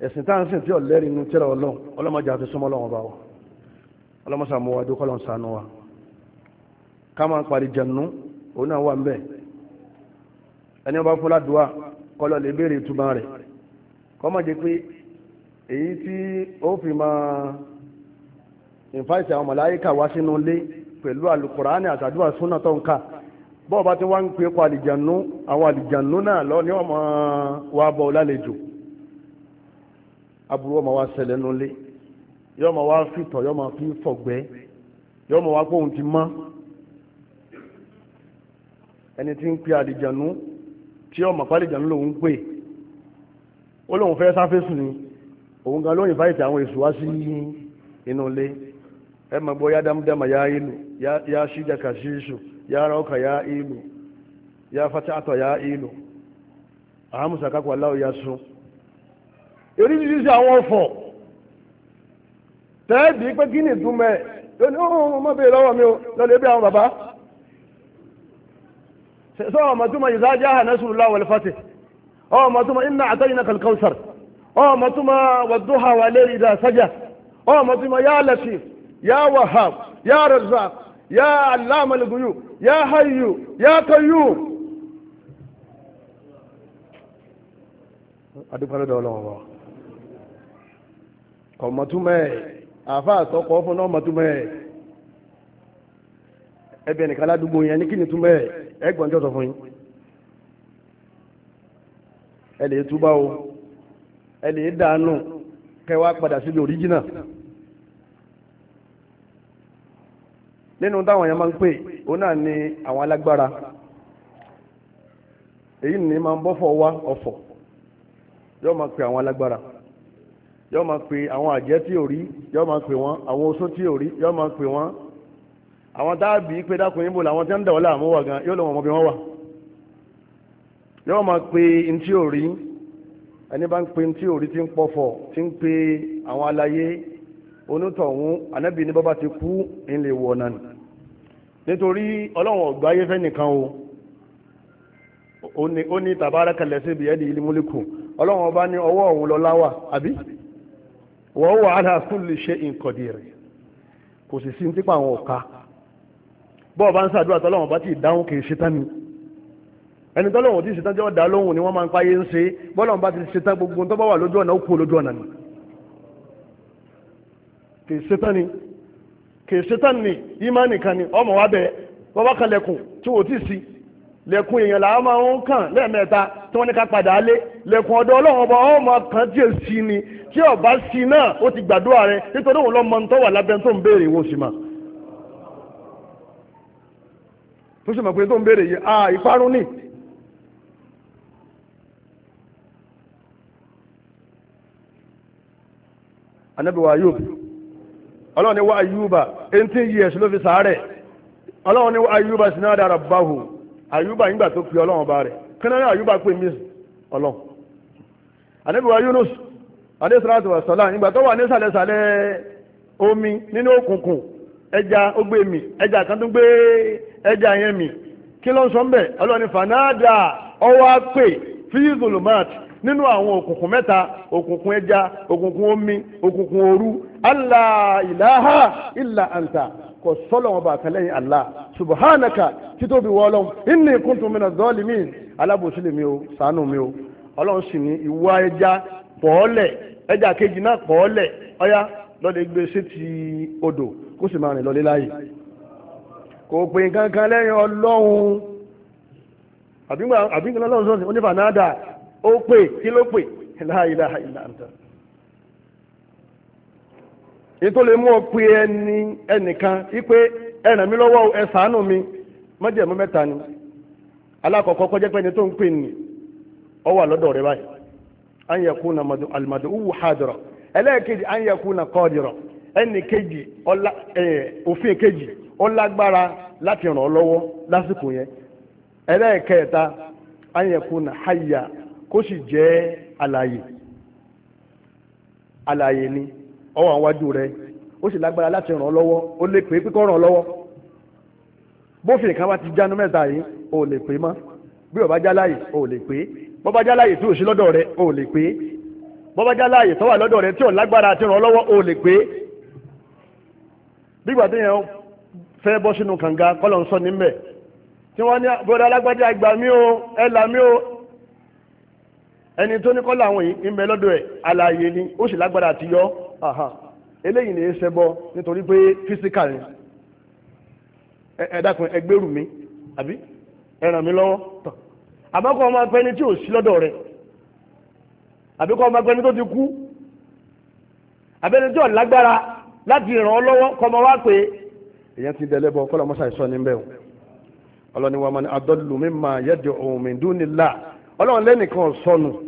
ẹ̀sìn tá à ń sìn tí ọ̀lẹ́rìí inú tíra ọlọ́run ọlọ́mọdé àfi súnmọ́ lọ́wọ́ bá wọ ọlọ́mọsàmú wa dúkọ́ lọ́n sànú wa ká máa parí jẹ̀nú òun náà wà ń bẹ̀ ẹni ọba fúnlá dùá kọlọ̀ lè béèrè ìtumọ̀ rẹ̀ kọ́ má jẹ́ pé èyí tí ó fi máa ìfáìsì àwọn màláyíkà wá sínú ilé pẹ̀lú alukurani àtàdúrà súnà tó ń ká bọ́ọ̀ bá ti wá ń pè kọ àlìjànú àwọn àlìjànú náà lọ ní ọmọ wa bọ̀ ọ lálejò aburú ọmọ wa ṣẹlẹ̀ nulẹ̀ yọ ma wá fìtọ̀ yọ ma fi fọ̀gbẹ́ yọ ma wá gbóhùn ti mọ́ ẹni tí ń pè àlìjànú tí ọmọ pàlìjànú lòun pè ó lóun fẹ́ sáfẹ́sù ni òun gan lóyìn fáìtì àwọn èṣù wá sí inú ilé yan mabo ya damdama ya ilu ya shija ka shishu ya rauka ya ilu ya fata ato ya ilu a hamusa kakwa lau ya sun oríṣiríṣi àwọn ọ̀fọ̀ tẹ́ẹ̀bì pé kí ni ìtumọ̀ ẹ̀ lónìí ó mọ̀ bẹ́ẹ̀ lọ́wọ́ mi o lọ́lẹ̀ bí àwọn bàbá sọ́wọ́ mọ̀túmọ̀ yìí sáájá hàn nẹ́sùn láwọ̀ ẹ̀lẹ́fàtẹ̀ ọ̀ oh, mọ̀túmọ̀ iná àtẹ́yìn kalkausar ọ̀ oh, mọ̀túmọ̀ wàdúhà wà lérí ìdá sájà ọ̀ oh, mọ̀túmọ̀ yá latif يا وهاب يا رزاق يا علام الغيوب يا حي يا قيوم adúpẹ́ lọ́dọ̀ ọlọ́wọ́ ládùúgbò yẹn ní kí ni nínú táwọn èèyàn máa ń pè ó náà ni àwọn alágbára èyí ni máa ń bọ́fọ̀ wá ọ̀fọ̀ yóò máa pè àwọn alágbára yóò máa pè àwọn àjẹ́ tí ò rí yóò máa pè wọ́n àwọn oṣó tí ò rí yóò máa pè wọ́n àwọn dáàbì pé dákun yín bò làwọn tí ń dà ọ́ wà gan yóò lọ́wọ́ ọmọbìnrin wọn wà yóò máa pè ntí ò rí ẹni bá ń pè ntí ò rí ti ń pọ̀fọ̀ ti ń pè àwọn aláyé onítọ̀hún anábì ní bọ́bá ti kú ilé wọ̀ náà ni nítorí ọlọ́run ọ̀gbáyé fẹ́ nìkan o ó ní tàbára kalẹ̀ síbi ẹ̀dì ilé múlíkù ọlọ́run ọba ní ọwọ́ òun lọ láwà àbí wọ́n wà ala kulli shay'in qadir kò sì sí nípa àwọn ọ̀ka bọ́ọ̀ bá ń sàdúrà tọ́lọ́run bá ti dáhùn kì í ṣe tán ni ẹni tọ́lọ́run ti ṣe tán jẹ́ ọ̀dà lóhùn ni wọ́n máa ń kìí ṣetán ni kìí ṣetán ni ìmánì kan ni ọmọ wa bẹ bọ́bá kan lẹ́kùn tí wò ó ti sí lẹ́kùn èèyàn làwọn máa ń kàn lẹ́ẹ̀mẹ́ta tí wọ́n ní ká padà lé lẹ́kùn ọ̀dọ̀ ọlọ́run ọba ọmọ kan tí èsì ni tí ọba sí náà ó ti gbàdúrà rẹ nítorí òun lọ́mọ tó wà lábẹ́ tó ń béèrè ìwọ sì mà tó sì mọ̀ pé tó ń béèrè yìí ah ìparun ni anabiwa yóò ọlọ́run ni wá ayúbà 18 years ló fi sàárẹ̀ ọlọ́run ni wá ayúbà sinada rabbahu ayúbà nígbà tó pe ọlọ́run ọba rẹ̀ kí náà ayúbà pè mí ọlọ́run ànábìwá yunus adéṣọ́láàtò wàsálà nígbà tó wà ní sàlẹ̀sàlẹ̀ omi nínú òkùnkùn ẹja ó gbé mi ẹja kan tó gbé ẹja yẹn mi kí ló ń sọ ń bẹ̀ ọlọ́run ni fanada ọwọ́ á pè fíìzùlùmáàtì nínú àwọn òkùnkùn mẹ́ta òkùnkùn ẹja òkùnkùn omi òkùnkùn òru allah ilaha illa anta kò sọ́lọ̀ wọn bá kẹlẹ́yìn allah subhanaka títóbi wọlọ́n inni kuntu minaz zalimin alábòsílẹ̀ mi o ṣàánú mi o ọlọ́run sì ní ìwà ẹja pọ̀ọ́lẹ̀ ẹja kejì náà pọ̀ọ́lẹ̀ ọya lọ́lẹ̀ gbé sétí odò kó sì máa rìn lọlé láàyè kò pè kankan lẹ́yìn ọlọ́run àbí nǹkan lọ́run sọ́sìn onífà ó pè kí ló pè la ilaha anta ètò lè mú ọ pé ẹni ẹnìkan wípé ẹ ràn lọ́wọ́ ẹ ṣàánú mi mẹ́ta ni alákọ̀ọ́kọ́ kọjá pé ẹni tó ń pè ní ọ wà lọ́dọ̀ rẹ báyìí an alimadu uwu hadira ẹlẹ́ẹ̀kejì an yakuna kọ́ọ̀dìrọ̀ kejì òfin kejì ó lágbára láti ràn ọ́ lọ́wọ́ lásìkò yẹn ẹlẹ́ẹ̀kẹta kó sì jẹ́ àlàyé àlàyé ni ọwọ́ àwọn wájú rẹ ó sì lágbára láti ràn ọ́ lọ́wọ́ ó lè pè é pé kó ràn ọ́ lọ́wọ́ bófin kan wá ti jánu mẹ́ta yìí ò lè pè é mọ́ bí ọba jáláyè ò lè pè é bọ́bá jáláyè tí ò sí lọ́dọ̀ rẹ ò lè pè é bọ́bá jáláyè tó lọ́dọ̀ rẹ tí ò lágbára àti ràn lọ́wọ́ ò lè pè é bígbà tí yẹn fẹ́ bọ́ sínú kànga kọ́lọ̀ ń sọ níbẹ̀ tí wọ́n ní bọ́dọ̀ alágbádé àgbà mí o ẹ̀ là o ẹni tó ní kọ́lá àwọn yìí ń bẹ lọ́dọ̀ ẹ̀ alààyè ni ó sì lágbára àti yọ eléyìí ní í ṣẹbọ nítorí pé físíkà ni ẹ dákun ẹgbẹ́rù mi àbí ẹ ràn mí lọ́wọ́ tán àmọ́ kọ́ ọmọ apẹni tí ò sí lọ́dọ̀ rẹ̀ àbí kọ́ ọmọ apẹni tó ti kú abẹ́ni tí ò lágbára láti ràn ọ́ lọ́wọ́ kọ́ ọmọ wa pé èyàn ti dẹ̀ lẹ́bọ̀ kọ́lọ́ mọ́sá ìsọ níbẹ̀ o ọlọ́ni wa man adallu mimma yad'u min dunillah ọlọ́run lẹ́nìkan sọnù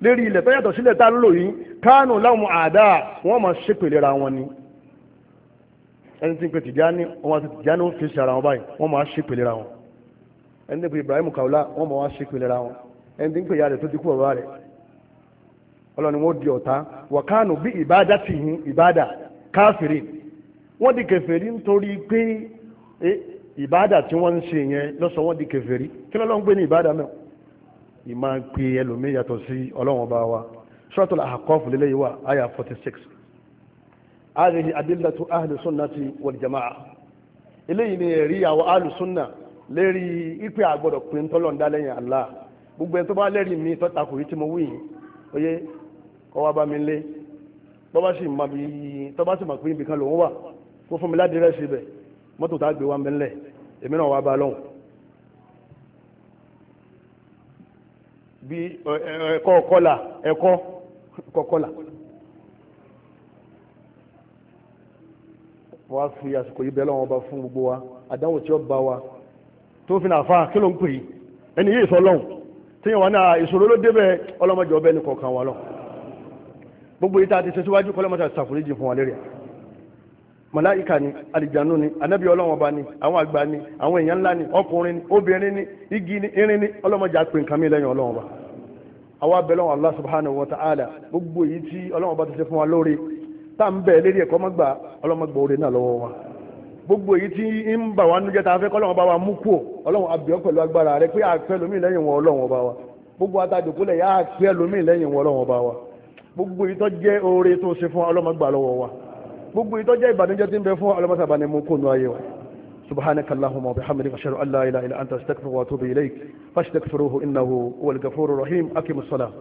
lérí ilẹ̀ tó yàtọ̀ sílẹ̀ tá a lò yìí kánù láwọn àdá wọ́n máa ṣépèlè ra wọn ni ẹni tí ń pe Tìjání wọn àti Tìjání ó fèsì ara wọn báyìí wọ́n máa ṣépèlè ra wọn ẹni tí ń pe Ibrahim Kaula wọ́n máa wá ṣépèlè wọn ẹni tí ń pe ìyá rẹ̀ tó ti kú ọ̀rọ̀ rẹ̀ ọlọ́ni wọ́n di ọ̀tá wà kánù bí ìbádà ti hin ìbádà káfìrí wọ́n di kèfèrí nítorí pé eh, ìbádà tí wọ́n ń ṣe yẹn lọ́sọ̀ wọ́n di kèfèrí kí lọ́lọ́ ìmá ń pe ẹlòmíì yàtọ̀ sí ọlọ́run ọba wa suratul Ahqaf lélẹ́ yìí wà àyà 46 àdìhì adillatu ahlu sunnati wal jama'a eléyìí ni ẹ̀rí àwọn ahlu sunna lérí ìpè àgbọ̀dọ̀ pé tọ́lọ̀ ń dá Allah gbogbo ẹni tó bá lẹ́rìí mi tọ́ta kò rí tí mo wí yìí oyé kọ́ wá bá mi lé tó bá sì mọ̀ pé ibìkan lòún wà kó fún mi ládìrẹ́sì ibẹ̀ mọ́tò tá a gbé wa ń èmi náà wá bá lọ́hùn bí ẹ̀kọ́ kọ́là ẹ̀kọ́ kọ́kọ́là. wọ́n á fi àsìkò yìí bẹ́ẹ̀ lọ́wọ́ ọba fún gbogbo wa àdánwò tí ó bá wa tó fi nàfa kí ló ń pè ẹni yìí tí yẹn wà náà ìṣòro ló débẹ̀ ọlọ́mọdé ọbẹ̀ ní kọ̀ọ̀kan wa lọ gbogbo yìí tá a ti ṣe fún wa lérí màláìka ni alìjánu ni anábì ọlọ́wọ́n ọba ni àwọn àgbà ni àwọn èèyàn ni ọkùnrin ni igi ni irin ni àwa bẹ lọ́wọ́ Allah subhanahu wa ta'ala gbogbo èyí tí ọlọ́wọ́ bá ti ṣe fún wa lóore tá à ń bẹ̀ lérí ẹ̀kọ́ mọ́gbà ọlọ́mọgbà oore náà lọ́wọ́ wa gbogbo èyí tí ń bà wá nújẹ́ tá a fẹ́ kọ́lọ́wọ́ bá wa mú kú ọlọ́wọ́ abiyọ́ pẹ̀lú agbára rẹ pé àpẹ́ lómi lẹ́yìn wọn ọlọ́wọ́ bá wa gbogbo atadòkúlẹ̀ yà àpẹ́ lómi lẹ́yìn wọn ọlọ́wọ́ bá wa gbogbo èyí jẹ́ oore tó ṣe fún ọlọ́mọgbà lọ́wọ́ wa gbogbo èyí jẹ́ ìbànújẹ́ tí ń bẹ fún ọlọ́mọsàbánimú kò nú ayé wa سبحانك اللهم وبحمدك أشهد أن لا إله إلا أنت أستغفرك وأتوب إليك فاستغفروه إنه هو الغفور الرحيم أقم الصلاة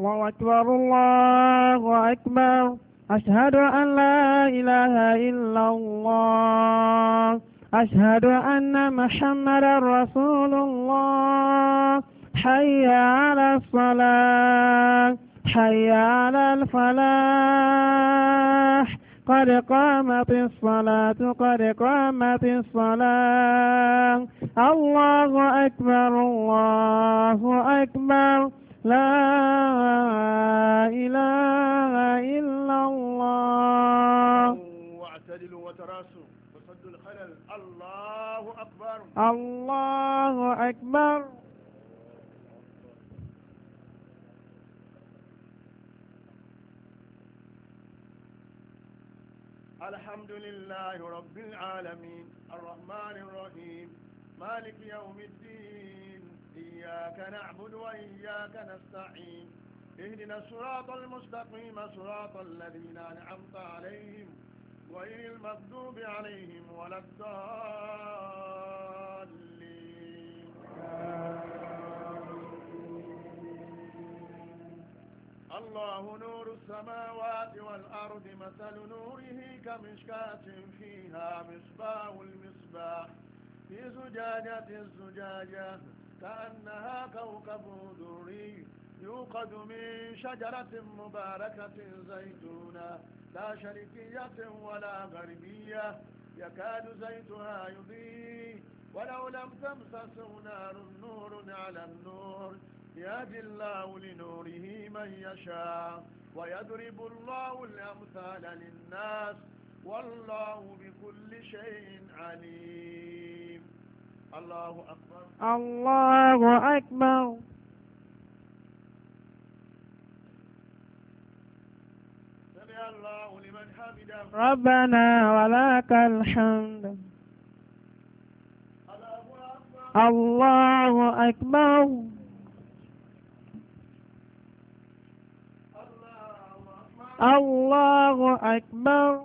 الله أكبر الله أكبر أشهد أن لا إله إلا الله أشهد أن محمد رسول الله حي على الصلاة حي على الفلاح قد قامت الصلاة قد قامت الصلاة الله أكبر الله أكبر لا إله إلا الله واعتدلوا وتراسوا وصدوا الخلل الله أكبر الله أكبر الحمد لله رب العالمين الرحمن الرحيم مالك يوم الدين إياك نعبد وإياك نستعين اهدنا الصراط المستقيم صراط الذين أنعمت عليهم غير المغضوب عليهم ولا الضالين الله نور السماوات والأرض مثل نوره كمشكاة فيها مصباح المصباح في زجاجة الزجاجة كأنها كوكب دوري يوقد من شجرة مباركة زيتونة لا شركية ولا غربية يكاد زيتها يضيء ولو لم تمسسه نار نور على النور يهدي الله لنوره من يشاء ويضرب الله الأمثال للناس والله بكل شيء عليم الله أكبر الله أكبر سمع الله لمن حمده ربنا ولك الحمد الله أكبر الله أكبر الله أكبر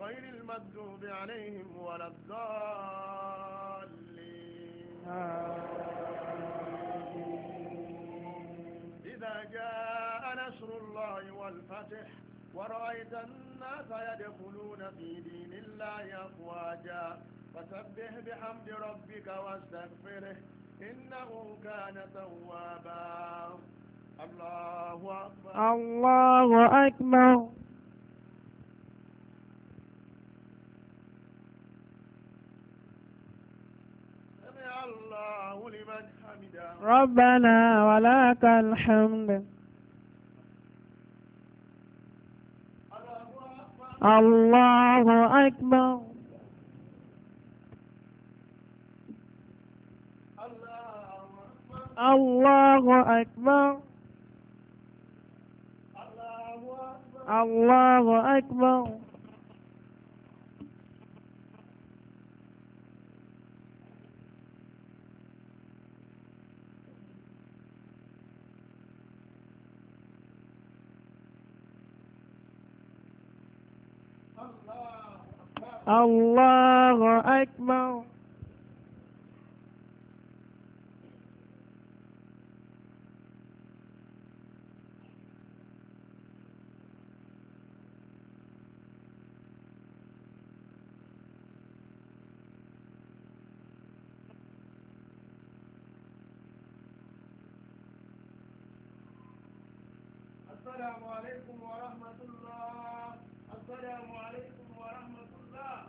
غير المكذوب عليهم ولا الضالين إذا جاء نصر الله والفتح ورأيت الناس يدخلون في دين الله أفواجا فسبح بحمد ربك واستغفره إنه كان توابا الله أكبر الله أكبر الله لمن حمده ربنا ولك الحمد الله أكبر الله أكبر الله أكبر الله أكبر الله أكبر